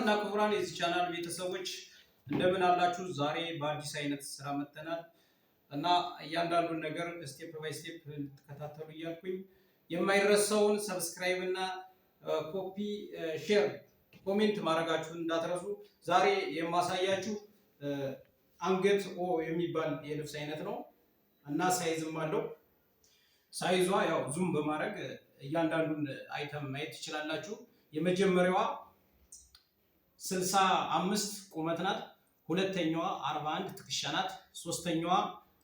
እና ክቡራን የዚህ ቻናል ቤተሰቦች እንደምን አላችሁ? ዛሬ በአዲስ አይነት ስራ መጥተናል እና እያንዳንዱን ነገር ስቴፕ ባይ ስቴፕ እንድትከታተሉ እያልኩኝ የማይረሳውን ሰብስክራይብ እና ኮፒ፣ ሼር፣ ኮሜንት ማድረጋችሁን እንዳትረሱ። ዛሬ የማሳያችሁ አንገት ኦ የሚባል የልብስ አይነት ነው እና ሳይዝም አለው። ሳይዟ ያው ዙም በማድረግ እያንዳንዱን አይተም ማየት ትችላላችሁ። የመጀመሪያዋ ስልሳ አምስት ቁመት ናት። ሁለተኛዋ አርባ አንድ ትከሻ ናት። ሶስተኛዋ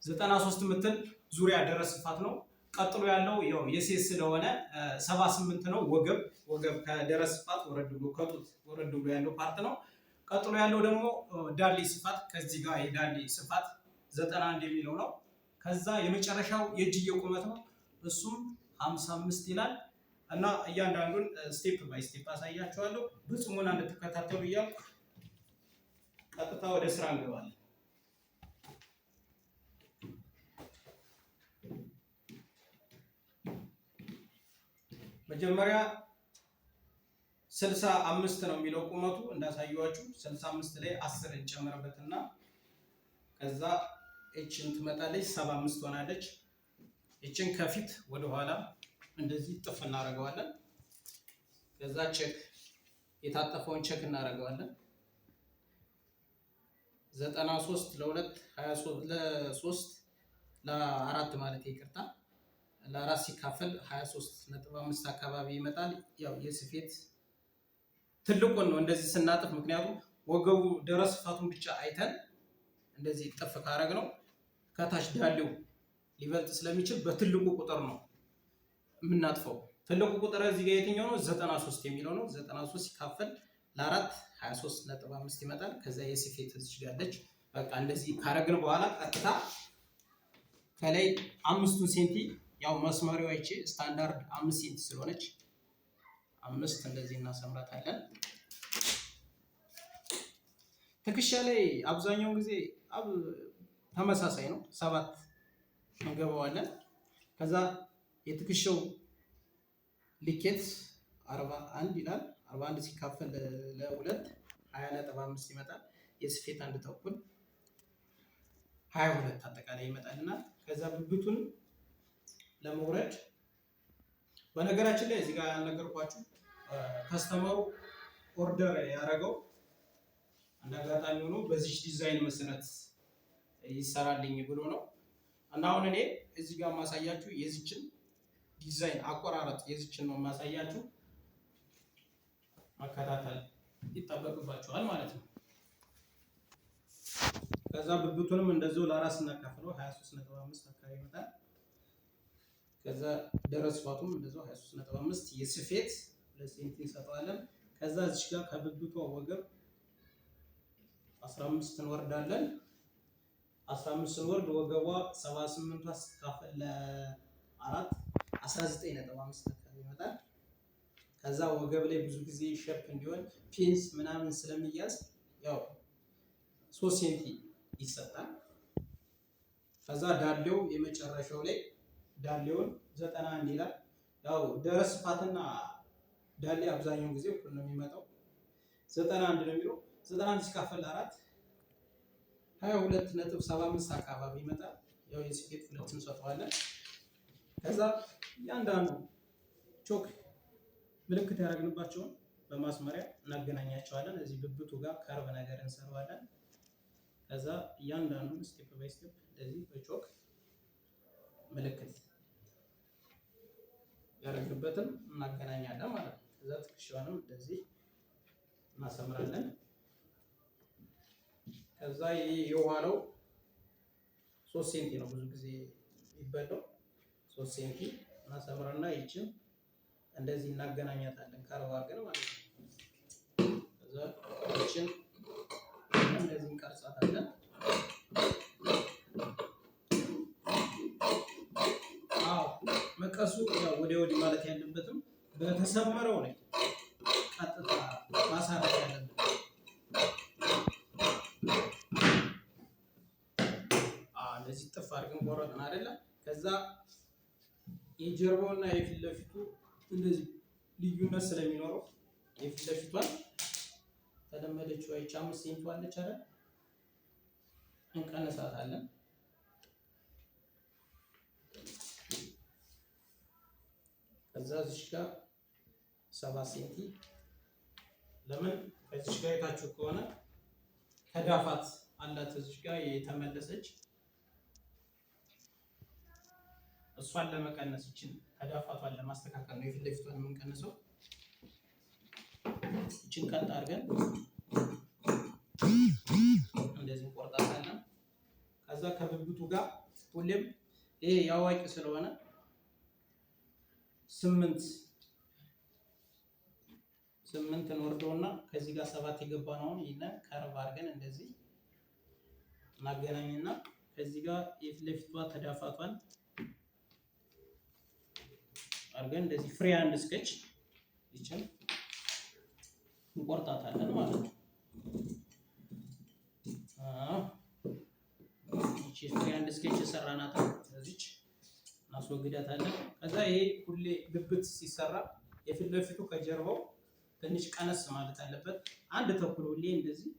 ዘጠና ሶስት ምትል ዙሪያ ድረስ ስፋት ነው። ቀጥሎ ያለው ያው የሴት ስለሆነ ሰባ ስምንት ነው። ወገብ ወገብ ከደረስ ስፋት ወረድ ብሎ ከጡት ወረድ ብሎ ያለው ፓርት ነው። ቀጥሎ ያለው ደግሞ ዳሌ ስፋት ከዚህ ጋር የዳሌ ስፋት ዘጠና አንድ የሚለው ነው። ከዛ የመጨረሻው የእጅየ ቁመት ነው። እሱም ሀምሳ አምስት ይላል። እና እያንዳንዱን ስቴፕ ባይ ስቴፕ አሳያችኋለሁ። ብጽሙና እንድትከታተሉ እያልኩ ቀጥታ ወደ ስራ እንገባለን። መጀመሪያ ስልሳ አምስት ነው የሚለው ቁመቱ እንዳሳየዋችሁ፣ ስልሳ አምስት ላይ አስር እንጨምርበትና ከዛ እችን ትመጣለች፣ ሰባ አምስት ሆናለች። እችን ከፊት ወደኋላ እንደዚህ ጥፍ እናደርገዋለን። ከዛ ቼክ የታጠፈውን ቼክ እናደርገዋለን። ዘጠና ሶስት ለሁለት ሀያ ሶስት ለሶስት ለአራት ማለት ይቅርታ ለአራት ሲካፈል ሀያ ሶስት ነጥብ አምስት አካባቢ ይመጣል። ያው የስፌት ትልቁን ነው እንደዚህ ስናጥፍ፣ ምክንያቱም ወገቡ ድረስ ስፋቱን ብቻ አይተን እንደዚህ ጥፍ ካረግ ነው ከታች ዳሌው ሊበልጥ ስለሚችል በትልቁ ቁጥር ነው የምናጥፈው። ትልቁ ቁጥር እዚህ ጋር የትኛው ነው? 93 የሚለው ነው። 93 ሲካፈል ለአራት 23 ነጥብ አምስት ይመጣል። ከዛ የስፌት እዚህ ጋር አለች። በቃ እንደዚህ ካረግን በኋላ ቀጥታ ከላይ አምስቱ ሴንቲ ያው መስመሪያ ይቺ ስታንዳርድ አምስት ሴንቲ ስለሆነች አምስት እንደዚህ እናሰምራታለን። ትከሻ ላይ አብዛኛውን ጊዜ ተመሳሳይ ነው። ሰባት እንገባዋለን ከዛ የትከሻው ልኬት 41 ይላል። 41 ሲካፈል ለሁለት 20.5 ይመጣል። የስፌት አንድ ተኩል 22 አጠቃላይ ይመጣል እና ከዛ ብብቱን ለመውረድ በነገራችን ላይ እዚህ ጋር ያልነገርኳችሁ ከስተመሩ ኦርደር ያደረገው አንድ አጋጣሚ ሆኖ በዚች ዲዛይን መሰረት ይሰራልኝ ብሎ ነው እና አሁን እኔ እዚህ ጋር ማሳያችሁ የዚችን ዲዛይን አቆራረጥ የዚችን ነው የማሳያችሁ። መከታተል ይጠበቅባቸዋል ማለት ነው። ከዛ ብብቱንም እንደዚሁ ለአራት ስናካፍለው 23.5 አካባቢ ይመጣል። ከዛ ደረስ ፋቱም እንደዚሁ 23.5 የስፌት ለሴንቲ እንሰጠዋለን። ከዛ እዚች ጋር ከብብቷ ወገብ 15 እንወርዳለን። 15 ስንወርድ ወገቧ 78 ስካፈል ለአራት 19 5 አካባቢ ይመጣል። ከዛ ወገብ ላይ ብዙ ጊዜ ሸፕ እንዲሆን ፒንስ ምናምን ስለሚያዝ ያው ሶስት ሴንቲ ይሰጣል። ከዛ ዳሌው የመጨረሻው ላይ ዳሌውን 91 ይላል። ያው ደረስ ስፋትና ዳሌ አብዛኛውን ጊዜ እኩል ነው የሚመጣው 91 ነው የሚለው 91 ሲካፈል አራት 22.75 አካባቢ ይመጣል። ያው የስፌት ሁለት እንሰጠዋለን። ከዛ እያንዳንዱ ቾክ ምልክት ያደረግንባቸውን በማስመሪያ እናገናኛቸዋለን። እዚህ ብብቱ ጋር ከርብ ነገር እንሰራዋለን። ከዛ እያንዳንዱን ስቴፕ ባይ ስቴፕ እንደዚህ በቾክ ምልክት ያደረግንበትን እናገናኛለን ማለት ነው። ከዛ ትክሻውንም እንደዚህ እናሰምራለን። ከዛ ይህ የኋላው ሶስት ሴንቲ ነው ብዙ ጊዜ ይበለው ሶስት ሴንቲ እናሰምርና ይችም እንደዚህ እናገናኛታለን ከርቭ አድርገን ማለት ነው። ከዛ ይችን እንደዚህ እንቀርጻታለን። አዎ መቀሱ ያው ወደ ማለት ያለበትም በተሰመረው ነው ቀጥታ ማሳረፍ ያለበት። እንደዚህ ጥፍ አድርገን ቆረጥን አይደለም ከዛ የጀርባውና የፊት ለፊቱ እንደዚህ ልዩነት ስለሚኖረው የፊት ለፊቷን ተለመደችው አይቻ አምስት ሴንቲ አለች አይደል? እንቀነሳታለን። ከዛ እዚህ ጋር ሰባት ሴንቲ ለምን ከዚህ ጋር የታችሁ ከሆነ ከዳፋት አላት እዚህ ጋር የተመለሰች እሷን ለመቀነስ ይችን ተዳፋቷን ለማስተካከል ነው። የፊት ለፊቷን የምንቀንሰው ይችን ቀጥ አድርገን እንደዚህ ቆርጣታለን። ከዛ ከብብቱ ጋር ሁሌም ይሄ የአዋቂ ስለሆነ ስምንት ስምንት እንወርደውና ከዚህ ጋር ሰባት ነውን ይነ ከርብ አድርገን እንደዚህ እናገናኝና ከዚህ ጋር የፊት ለፊቷ ተዳፋቷን አድርገን እንደዚህ ፍሪ አንድ ስኬች ይችን እንቆርጣታለን ማለት ነው። ይቺ ፍሪ አንድ ስኬች የሰራናት እዚች እናስወግዳታለን። ከዛ ይሄ ሁሌ ብብት ሲሰራ የፊት ለፊቱ ከጀርባው ትንሽ ቀነስ ማለት አለበት። አንድ ተኩል ሁሌ እንደዚህ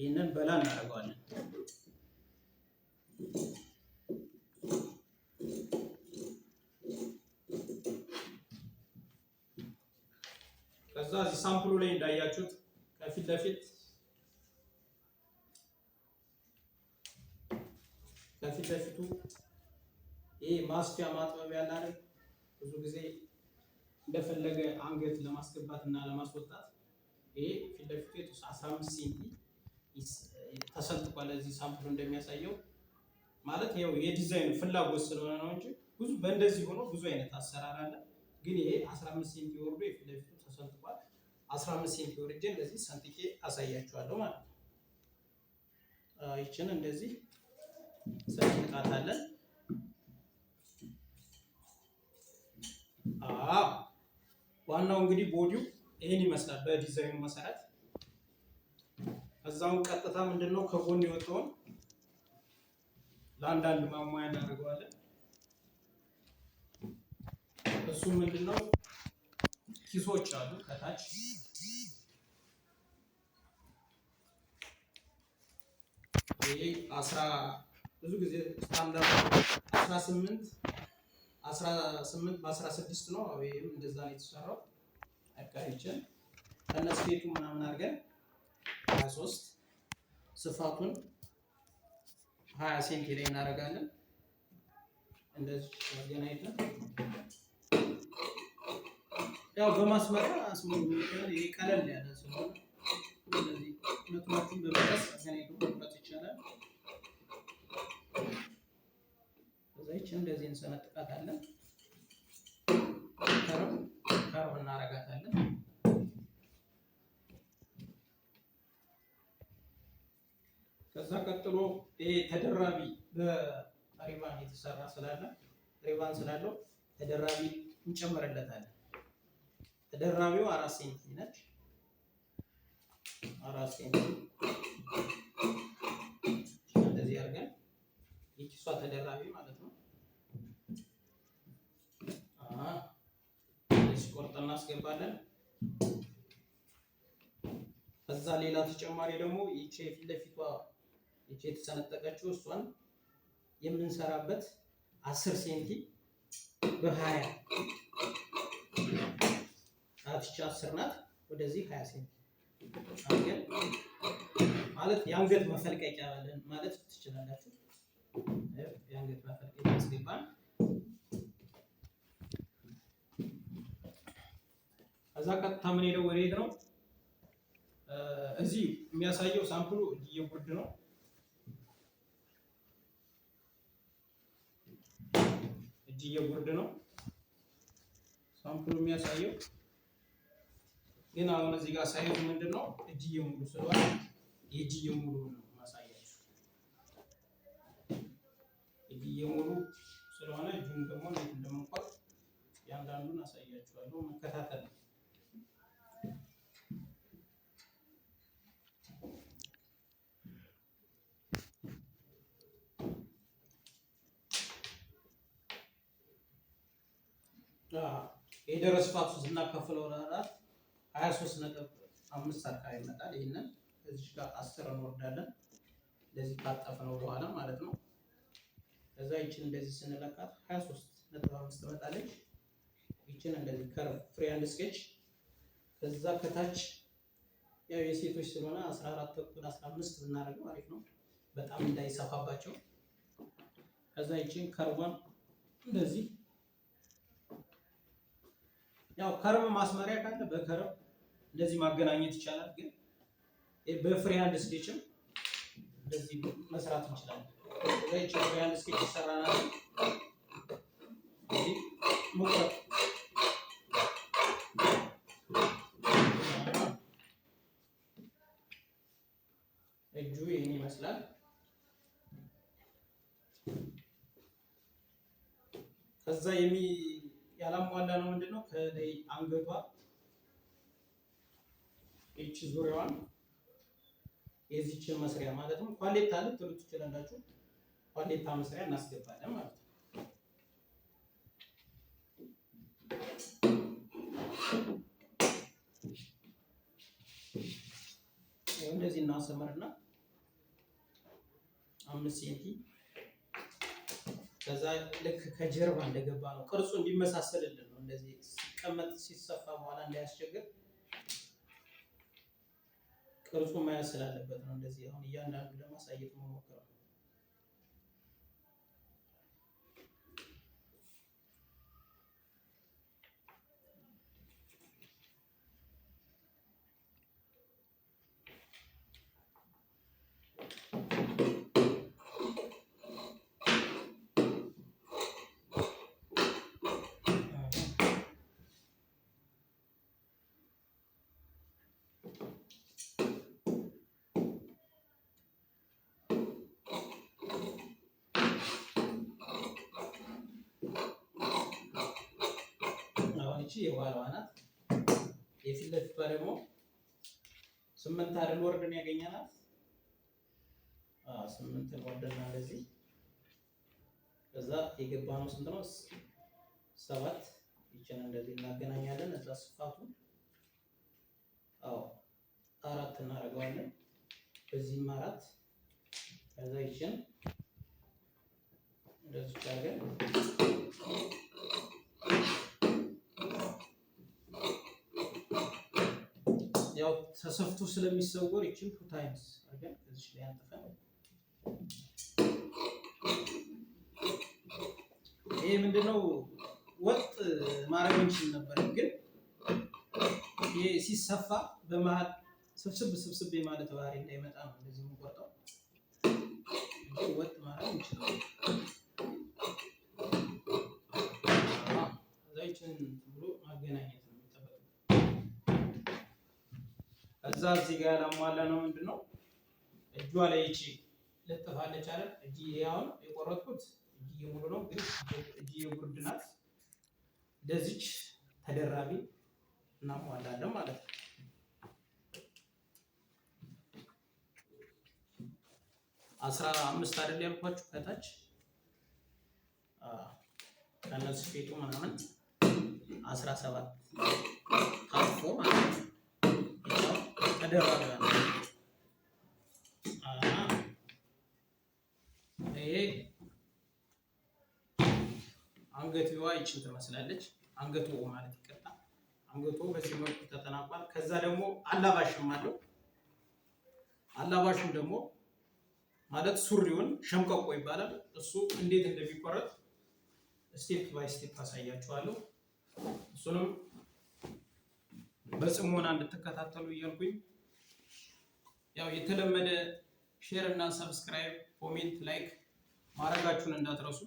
ይህንን በላ እናደርገዋለን። ከዛ እዚህ ሳምፕሉ ላይ እንዳያችሁት ከፊት ለፊት ከፊት ለፊቱ ይሄ ማስፊያ ማጥበቢያ ያለ ብዙ ጊዜ እንደፈለገ አንገት ለማስገባት እና ለማስወጣት ይሄ ፊት ለፊቱ 15 ሴንቲ ተሰንጥቋል። እዚህ ሳምፕሉ እንደሚያሳየው ማለት ያው የዲዛይኑ ፍላጎት ስለሆነ ነው እንጂ ብዙ በእንደዚህ ሆኖ ብዙ አይነት አሰራር አለ። ግን ይሄ 15 ሴንቲ ወርዶ የፊት ለፊቱ ተሰንጥቋል። 15 ሴንቲ ወርጄ እንደዚህ ሰንጥቄ አሳያችኋለሁ ማለት ነው። ይችን እንደዚህ ሰንጥቃታለን። ዋናው እንግዲህ ቦዲው ይህን ይመስላል በዲዛይኑ መሰረት። እዛውን ቀጥታ ምንድነው ከጎን የወጣውን ለአንዳንድ ማሟያ እናደርገዋለን። እሱ ምንድነው ኪሶች አሉ ከታች ብዙ ጊዜ ስታንዳርድ አስራ ስምንት አስራ ስምንት በአስራ ነው። ይህም እንደዛ ነው የተሰራው። አካሄችን ከነስፌቱ ምናምን አድርገን ሀያ ስፋቱን ሀያ ሴንቲ ላይ እናደርጋለን እንደዚህ አገናኝተን ያው በማስመራ ይሄ ቀለል ያለ ስለሆነ ስለዚህ በመቀስ አገናኝቶ መቁረጥ ይቻላል። እንደዚህ እንሰነጥቃታለን። ከርብ ከርብ እናረጋታለን። ከዛ ቀጥሎ ይሄ ተደራቢ በሪባን የተሰራ ስላለ ሪባን ስላለው ተደራቢ እንጨምርለታለን። ተደራቢው አራት ሴንቲ ነች። አራት ሴንቲ እንደዚህ አድርገን ይቺ እሷ ተደራቢ ማለት ነው። ቆርጠን እናስገባለን። ከዛ ሌላ ተጨማሪ ደግሞ ይቺ የፊት ለፊቷ ይቺ የተሰነጠቀችው እሷን የምንሰራበት አስር ሴንቲ በሀያ ማውጣት ይቻ አስር ናት። ወደዚህ ሀያ ሴንቲ ማለት የአንገት መፈልቀቂያ ያለን ማለት ትችላላችሁ። የአንገት መፈልቀቂያ ያስገባል። እዛ ቀጥታ ምን ሄደው ወደ ሄድ ነው። እዚህ የሚያሳየው ሳምፕሉ እየጉርድ ነው። እጅዬ ጉርድ ነው ሳምፕሉ የሚያሳየው ግን አሁን እዚህ ጋር ሳይሆን ምንድን ነው እጅዬ ሙሉ ስለሆነ የእጅዬ ሙሉ ነው ማሳያችሁ። እጅዬ ሙሉ ስለሆነ እጁን ደግሞ እንዴት እንደምንቆርጥ ያንዳንዱን አሳያችኋለሁ። መከታተል ነው። የደረስ ፋክሱ ስናከፍለው ለአራት 23 ነጥብ አምስት አካባቢ ይመጣል። ይህንን እዚህ ጋር አስር እንወርዳለን እንደዚህ ካጠፍነው በኋላ ማለት ነው። ከዛ ይችን እንደዚህ ስንለካት 23 ነጥብ አምስት ትመጣለች። ይችን እንደዚህ ከርቭ ፍሪ ሃንድ ስኬች ከዛ ከታች ያው የሴቶች ስለሆነ 14 ተኩል 15 ብናደርገው አሪፍ ነው፣ በጣም እንዳይሰፋባቸው። ከዛ ይችን ከርቧን እንደዚህ ያው ከርብ ማስመሪያ ካለ በከርብ እንደዚህ ማገናኘት ይቻላል። ግን በፍሪ ሃንድ ስኬችም እንደዚህ መስራት እንችላለን። ይህች ፍሪ ሃንድ ስኬች ይሰራናል። ሙቁረጥ እጁ ይህን ይመስላል። ከዛ ያላሟላ ነው ነው ከላይ አንገቷ ይች ዙሪያዋን የዚች መስሪያ ማለት ነው ኳሌታ ልትሉት ትችላላችሁ። ኳሌታ መስሪያ እናስገባለን ማለት ነው። እንደዚህ እናሰምርና አምስት ሴንቲ ከዛ ልክ ከጀርባ እንደገባ ነው ቅርጹ እንዲመሳሰልልን ነው። እንደዚህ ሲቀመጥ ሲሰፋ በኋላ እንዳያስቸግር ቅርጹ መያዝ ስላለበት ነው። እንደዚህ አሁን እያንዳንዱ ለማሳየት መሞከር የኋላዋ ናት። የፊት ለፊቷ ደግሞ ስምንት አይደል ወርድን ያገኘናት ስምንትን ወርድና እንደዚህ ከዛ የገባ ነው ስንት ነው? ሰባት ይችን እንደዚህ እናገናኛለን። እዛ ስፋቱ አዎ አራት እናደርገዋለን። በዚህም አራት ከዛ ይችን እንደዚህ አድርገን ያው ተሰፍቶ ስለሚሰወር ይችን ቱ ታይምስ አድርገን ከዚች ላይ አንጥፈን ይሄ ምንድነው ወጥ ማድረግ እንችል ነበር፣ ግን ይሄ ሲሰፋ በመሀል ስብስብ ስብስብ የማለት ባህሪ እንዳይመጣ ነው እንደዚህ የምንቆርጠው እንጂ ወጥ ማድረግ እንችላለን። እዛ ብሎ ማገናኘት ከዛ እዚህ ጋር ያላሟላ ነው ምንድን ነው እጇ ላይ እቺ ለጥፋለች አለ እጅ አሁን የቆረጥኩት እጅ የሙሉ ነው ግን እጅ ናት። ለዚች ተደራቢ እናሟላለን ማለት ነው። አስራ አምስት አይደል ያልኳችሁ ከታች ከነሱ ፊቱ ምናምን አስራ ሰባት ታፎ ማለት ነው። ተደረገ። ይሄ አንገትዋ ይችን ትመስላለች። አንገቱ ማለት ይቀጣል። አንገቱ በዚህ መልኩ ተጠናቋል። ከዛ ደግሞ አላባሽም አለው። አላባሹም ደግሞ ማለት ሱሪውን ሸምቀቆ ይባላል። እሱ እንዴት እንደሚቆረጥ ስቴፕ ባይ ስቴፕ አሳያችኋለሁ። እሱንም በጽሞና እንድትከታተሉ እያልኩኝ ያው የተለመደ ሼር እና ሰብስክራይብ፣ ኮሜንት፣ ላይክ ማድረጋችሁን እንዳትረሱ።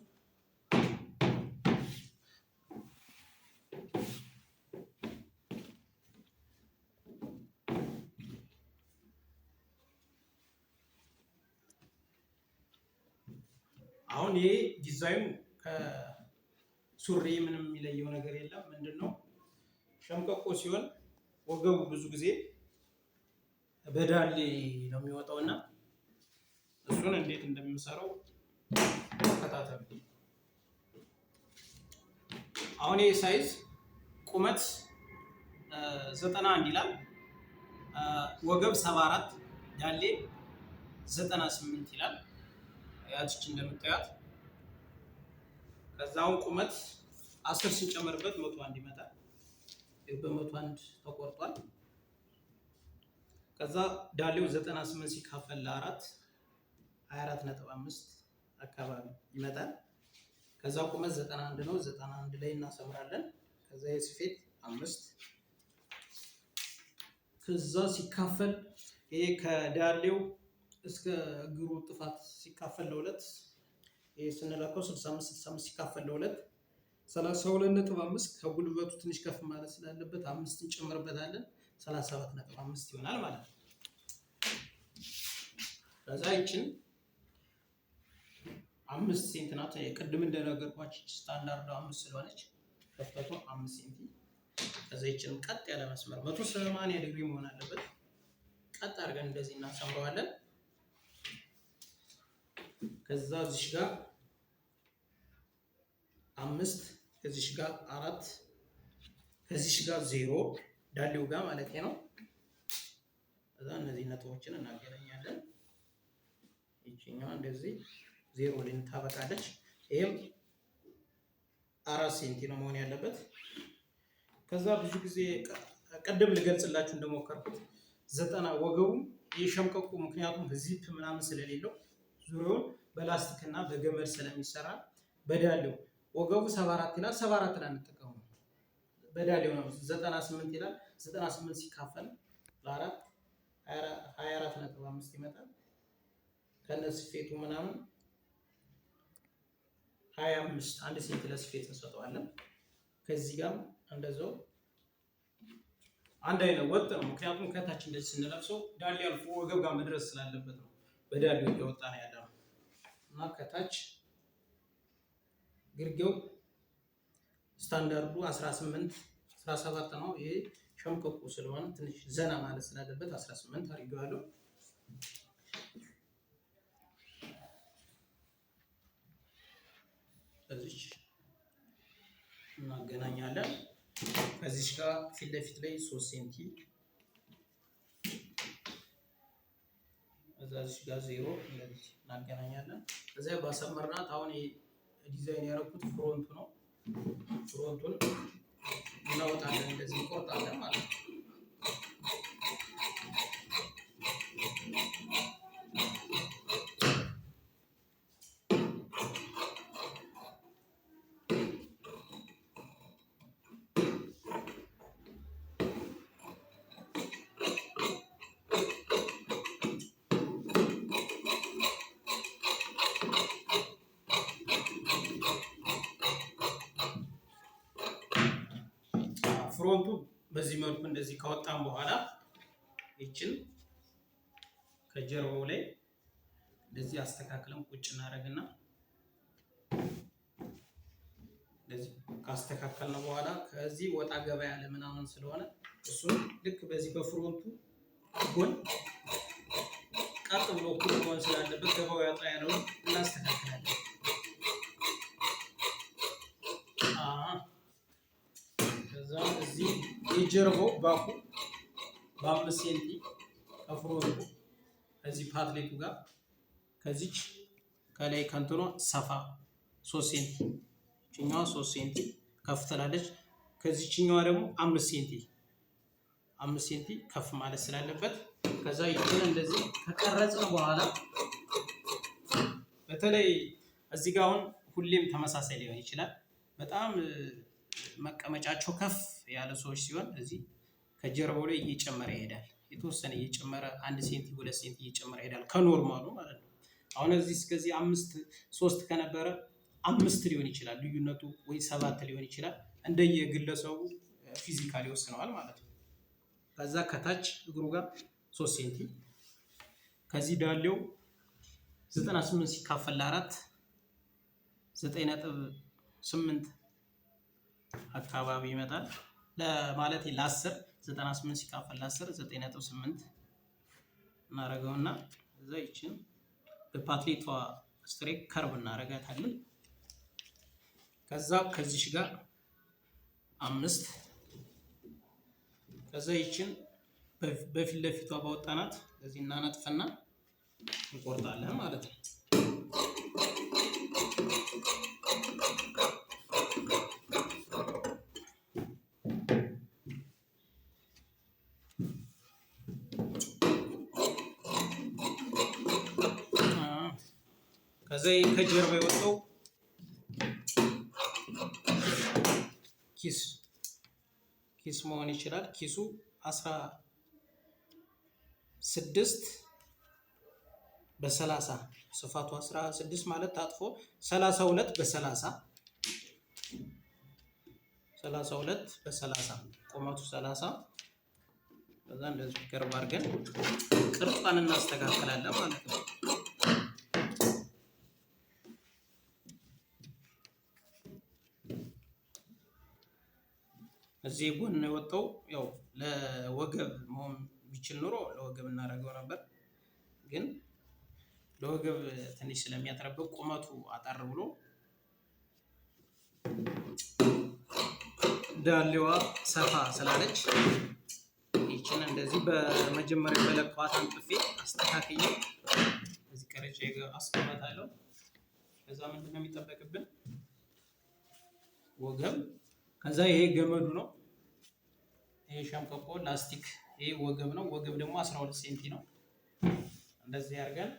አሁን ይሄ ዲዛይኑ ከሱሪ ምንም የሚለየው ነገር የለም። ምንድን ነው ሸምቀቆ ሲሆን ወገቡ ብዙ ጊዜ በዳሌ ነው የሚወጣው እና እሱን እንዴት እንደምንሰራው ተከታተሉ። አሁን ይህ ሳይዝ ቁመት ዘጠና አንድ ይላል። ወገብ ሰባ አራት ዳሌ ዘጠና ስምንት ይላል። ያችች እንደምታያት ከዛውን ቁመት አስር ስንጨምርበት መቶ አንድ ይመጣል። በመቶ አንድ ተቆርጧል። ከዛ ዳሌው 98 ሲካፈል ለአራት 24.5 አካባቢ ይመጣል። ከዛ ቁመት 91 ነው። 91 ላይ እናሰምራለን። ከዛ የስፌት አምስት ከዛ ሲካፈል ይሄ ከዳሌው እስከ እግሩ ጥፋት ሲካፈል ለሁለት ይሄ ስንለካው 65 65 ሲካፈል ለሁለት 32.5 ከጉልበቱ ትንሽ ከፍ ማለት ስላለበት አምስት እንጨምርበታለን። 37.5 ይሆናል ማለት ነው። ከዛ ይችን አምስት ሴንት ናት። የቅድም እንደነገርኳችሁ ስታንዳርዱ አምስት ስለሆነች ከፍተቱ አምስት ሴንት ከዛ ቀጥ ያለ መስመር 180 ዲግሪ መሆን አለበት። ቀጥ አድርገን እንደዚህ እናሰምረዋለን። ከዛ እዚሽ ጋር አምስት ከዚሽ ጋር አራት ከዚሽ ጋር ዜሮ ዳሌው ጋር ማለት ነው። እዛ እነዚህ ነጥቦችን እናገናኛለን። ይችኛዋ እንደዚህ ዜሮ ላይ ታበቃለች። ይሄም አራት ሴንቲ ነው መሆን ያለበት። ከዛ ብዙ ጊዜ ቀደም ልገልጽላችሁ እንደሞከርኩት ዘጠና ወገቡም የሸምቀቁ ምክንያቱም ዚፕ ምናምን ስለሌለው ዙሪያውን በላስቲክ እና በገመድ ስለሚሰራ በዳሌው ወገቡ ሰባ አራት ይላል። ሰባ አራት ላይ እንጠቀሙ። በዳሌው ነው ዘጠና ስምንት ይላል። 98 ሲካፈል በአራት 4 ነጥብ አምስት ይመጣል። ከነዚህ ስፌቱ ምናምን 25 አንድ ሴንት ለስፌት እንሰጠዋለን። ከዚህ ጋር እንደዛው አንድ አይነት ወጥ ነው። ምክንያቱም ከታች እንደዚህ ስንለብሰው ዳሌ አልፎ ወገብ ጋር መድረስ ስላለበት ነው። በዳሌው እየወጣ ነው ያለው እና ከታች ግርጌው ስታንዳርዱ 18 17 ነው ይሄ ሸምቅቁ ስለሆነ ትንሽ ዘና ማለት ስላለበት 18 አድርጌዋለሁ። ከዚች እናገናኛለን። ከዚች ጋር ፊት ለፊት ላይ ሶስት ሴንቲ እዛዚች ጋር ዜሮ እንደዚህ እናገናኛለን። እዚያ ባሰመርናት አሁን ዲዛይን ያደረኩት ፍሮንቱ ነው። ፍሮንቱን እናወጣለን፣ እንደዚህ እንቆርጣለን ማለት ነው። ፍሮንቱ በዚህ መልኩ እንደዚህ ካወጣም በኋላ ይችን ከጀርባው ላይ እንደዚህ አስተካክለን ቁጭ እናደርግና እንደዚህ ካስተካከልነው በኋላ ከዚህ ወጣ ገባ ያለ ምናምን ስለሆነ እሱን ልክ በዚህ በፍሮንቱ ጎን ቀጥ ብሎ ኩል መሆን ስላለበት ገባው ያጣ ያለውን እናስተካክላለን። የጀርባው ባኩ በአምስት ሴንቲ ከፍሮንቱ ከዚህ ፓትሌቱ ጋር ከዚች ከላይ ከንትኖ ሰፋ ሶስት ሴንቲ ችኛዋ ሶስት ሴንቲ ከፍ ትላለች። ከዚህ ችኛዋ ደግሞ አምስት ሴንቲ አምስት ሴንቲ ከፍ ማለት ስላለበት ከዛ ይችን እንደዚህ ከቀረጽን በኋላ በተለይ እዚህ ጋር አሁን ሁሌም ተመሳሳይ ሊሆን ይችላል። በጣም መቀመጫቸው ከፍ ያለ ሰዎች ሲሆን እዚህ ከጀርባው ላይ እየጨመረ ይሄዳል። የተወሰነ እየጨመረ አንድ ሴንቲ ሁለት ሴንቲ እየጨመረ ይሄዳል ከኖርማሉ ማለት ነው። አሁን እዚህ እስከዚህ አምስት ሶስት ከነበረ አምስት ሊሆን ይችላል ልዩነቱ ወይ ሰባት ሊሆን ይችላል እንደየግለሰቡ ፊዚካል ይወስነዋል ማለት ነው። ከዛ ከታች እግሩ ጋር ሶስት ሴንቲ ከዚህ ዳሌው 98 ሲካፈል አራት ስምንት አካባቢ ይመጣል። ለማለት ለ10 98 ሲካፈል ለ10 9.8 እናደርገውና እዛ ይችን በፓትሌቷ ስትሬክ ከርብ እናደርጋታለን። ከዛ ከዚሽ ጋር አምስት ከዛ ይችን በፊት ለፊቷ ባወጣናት እዚህ እናነጥፈና እንቆርጣለን ማለት ነው። ከዚያ ከጀርባ የወጣው ኪስ ኪስ መሆን ይችላል። ኪሱ አስራ ስድስት በሰላሳ ስፋቱ አስራ ስድስት ማለት ታጥፎ ሰላሳ ሁለት በሰላሳ ሰላሳ ሁለት በሰላሳ ቁመቱ ሰላሳ በዛ እንደዚህ ቅርብ አድርገን ቅርጿን እናስተካክላለን ማለት ነው። እዚህ ጎን የወጣው ያው ለወገብ መሆን ቢችል ኑሮ ለወገብ እናደርገው ነበር። ግን ለወገብ ትንሽ ስለሚያጥረብቅ ቁመቱ አጠር ብሎ ዳሌዋ ሰፋ ስላለች ይችን እንደዚህ በመጀመሪያ በለቋት አንጥፌ አስተካክዬ እዚህ ቀረጫ አስቀምጣለሁ። ከዛ ምንድነው የሚጠበቅብን ወገብ። ከዛ ይሄ ገመዱ ነው። ይሄ ሸምቀቆ ላስቲክ ይሄ ወገብ ነው። ወገብ ደግሞ 12 ሴንቲ ነው። እንደዚህ አድርገን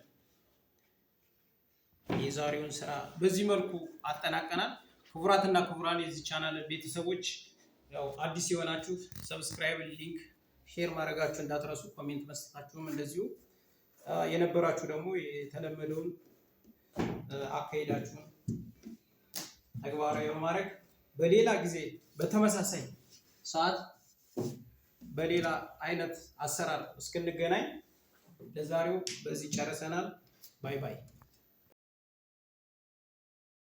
የዛሬውን ስራ በዚህ መልኩ አጠናቀናል። ክቡራትና ክቡራን የዚህ ቻናል ቤተሰቦች ያው አዲስ የሆናችሁ ሰብስክራይብ፣ ሊንክ፣ ሼር ማድረጋችሁ እንዳትረሱ፣ ኮሜንት መስጠታችሁም እንደዚሁ የነበራችሁ ደግሞ የተለመደውን አካሄዳችሁን ተግባራዊ በማድረግ በሌላ ጊዜ በተመሳሳይ ሰዓት በሌላ አይነት አሰራር እስክንገናኝ ለዛሬው በዚህ ጨርሰናል። ባይ ባይ።